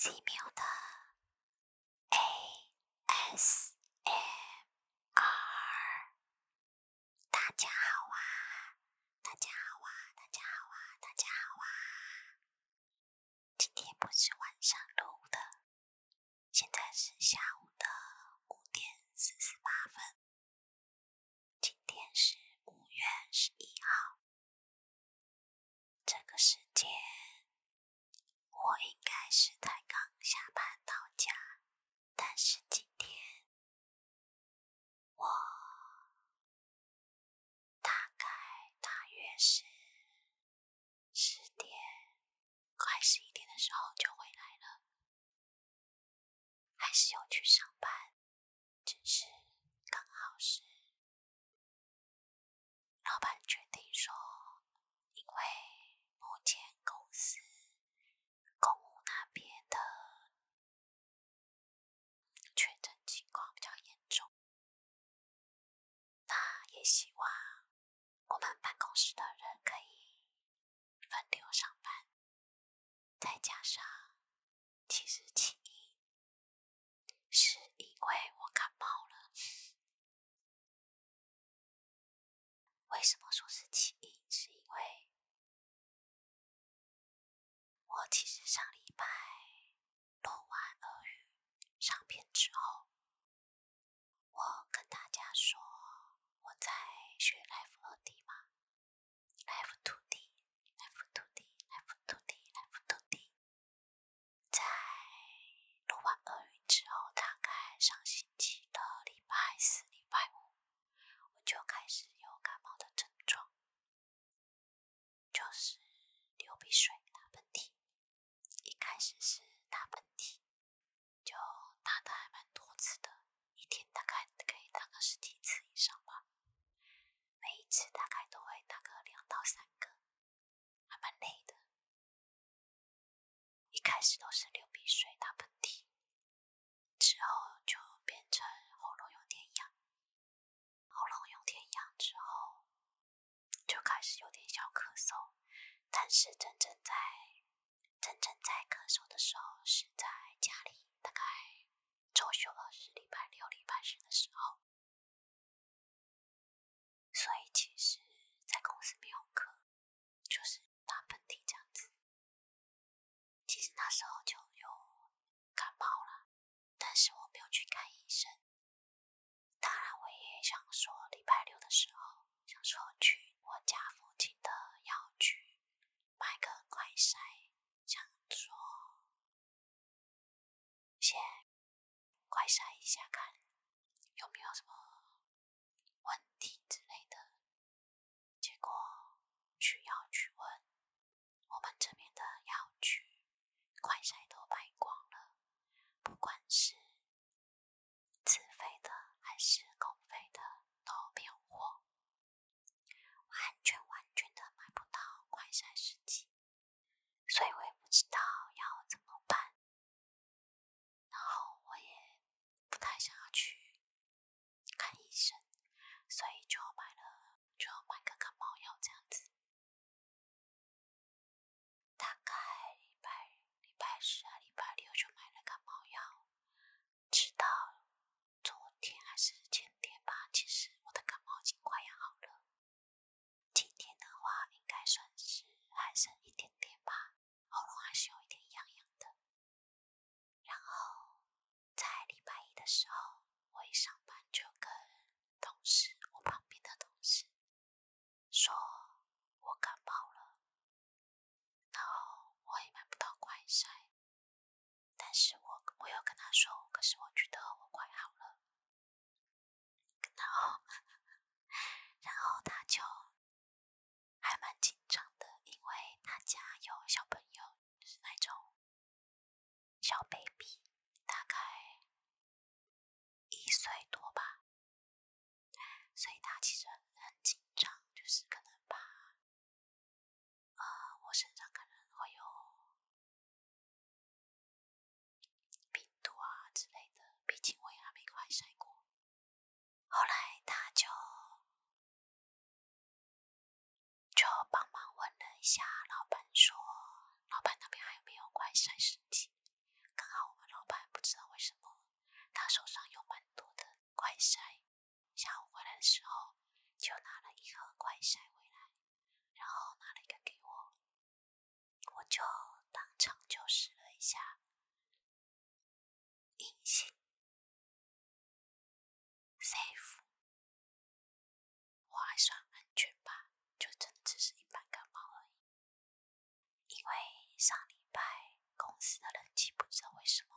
奇妙的 A S M R，大家好啊！大家好啊！大家好啊！大家好啊！今天不是晚上錄的，現在是下午的五點四十八分。今天是五月十一號。這個世界。我應該是才剛下班到家，但是今天我大概大約是十點快十一點的時候就回來了，還是有去上班，只是剛好是老板決定說，因為目前公司。留上班，再加上，其實起因是因為我感冒了。為什麼說是起因？是因為我其實上禮拜錄完耳語上片之後，我跟大家說我在學 Life 二 D 嘛，Life Two。還是有點小咳嗽，但是真正在真正在咳嗽的時候是在家裡，大概週休二日禮拜六、禮拜日的時候。所以其實，在公司沒有咳，就是打噴嚏這樣子。其實那時候就有感冒了，但是我沒有去看醫生。當然，我也想說禮拜六。家附近的藥局買個快篩，想說先快篩一下看有沒有什麼問題之類的。結果去藥局問，我們這邊的藥局快篩都賣光了，不管是。所以我也不知道要怎麼辦，然後我也不太想要去看醫生，所以就買了。時候，我一上班就跟同事，我旁邊的同事說，我感冒了，然後我也買不到快篩，但是我我又跟他說，可是我覺得我快好了，然後， 然後他就還蠻緊張的，因為他家有小朋友，是那種小貝。所以他其實很緊張，就是可能怕，呃，我身上可能會有病毒啊之類的。畢竟我也還沒快晒過快篩。後來他就就幫忙問了一下老板，說老板那邊還有沒有快篩試劑？剛好我們老板不知道為什麼，他手上有蠻多的快篩。下午回來的時候，就拿了一盒快篩回來，然後拿了一個給我，我就當場就試了一下，陰性。safe 我還算安全吧，就真的只是一般感冒而已，因為上禮拜公司的人氣不知道為什麼。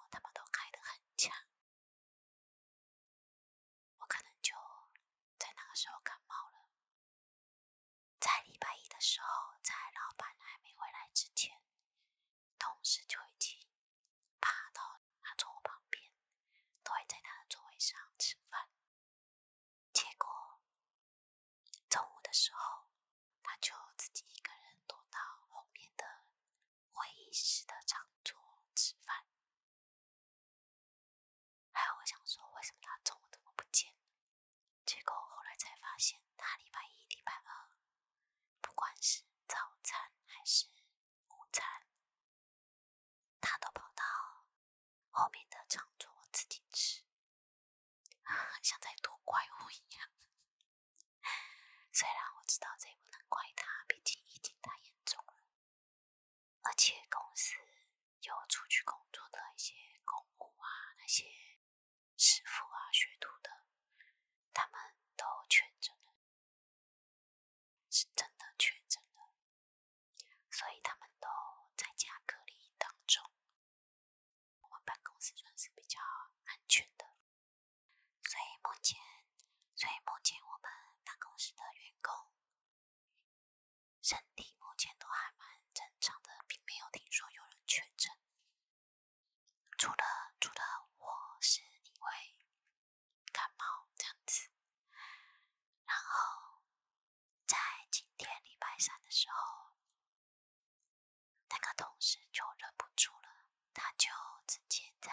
為什麼他中午怎麼不見？結果後來才發現，他禮拜一、禮拜二，不管是早餐還是午餐，他都跑到後面的長桌自己吃，像在躲怪物一樣。雖然我知道這也不能怪他，畢竟疫情太嚴重了，而且公司有出去工作的一些公務啊，那些。師傅啊，學徒的，他們都確診了，是真的確診了，所以他們都在家隔離當中。我們辦公室算是比較安全的，所以目前，所以目前我們辦公室的員工身體目前都還蠻正常的，並沒有聽說有人確診，除了除了。就忍不住了，他就直接在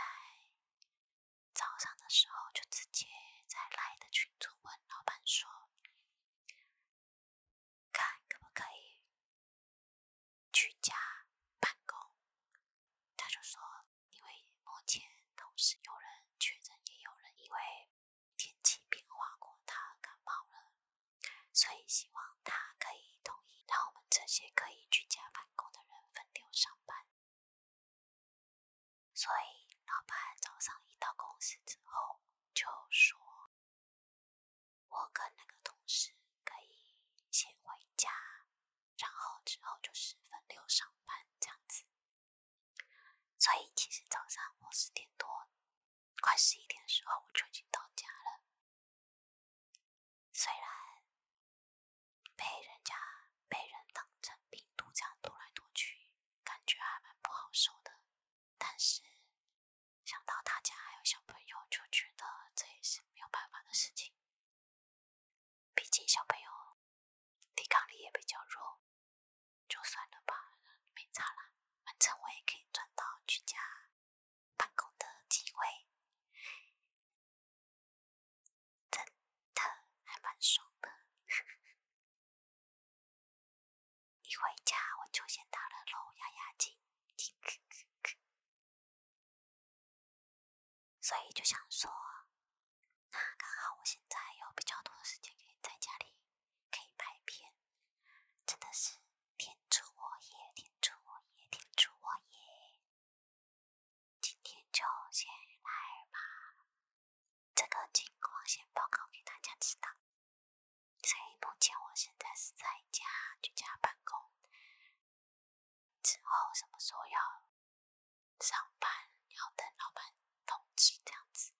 早上的時候就直接在來的群主問老闆說：“看可不可以居家辦公？”他就說：“因為目前同事有人確診，也有人因為天氣變化過，他感冒了，所以希望他可以同意，讓我們這些可以居家辦公的人分流上班。”所以，老闆早上一到公司之後就說：“我跟那個同事可以先回家，然後之後就是分流上班這樣子。”所以，其實早上我十點多，快十一點的時候我就已經到家了。雖然……好啦，反正我也可以賺到居家辦公的機會，真的還蠻爽的。一回家我就先打了樓壓壓驚，所以就想說，那剛好我現在有比較多的時間可以在家裡。先報告給大家知道，所以目前我現在是在家居家辦公，之後什麼時候要上班，要等老闆通知這樣子。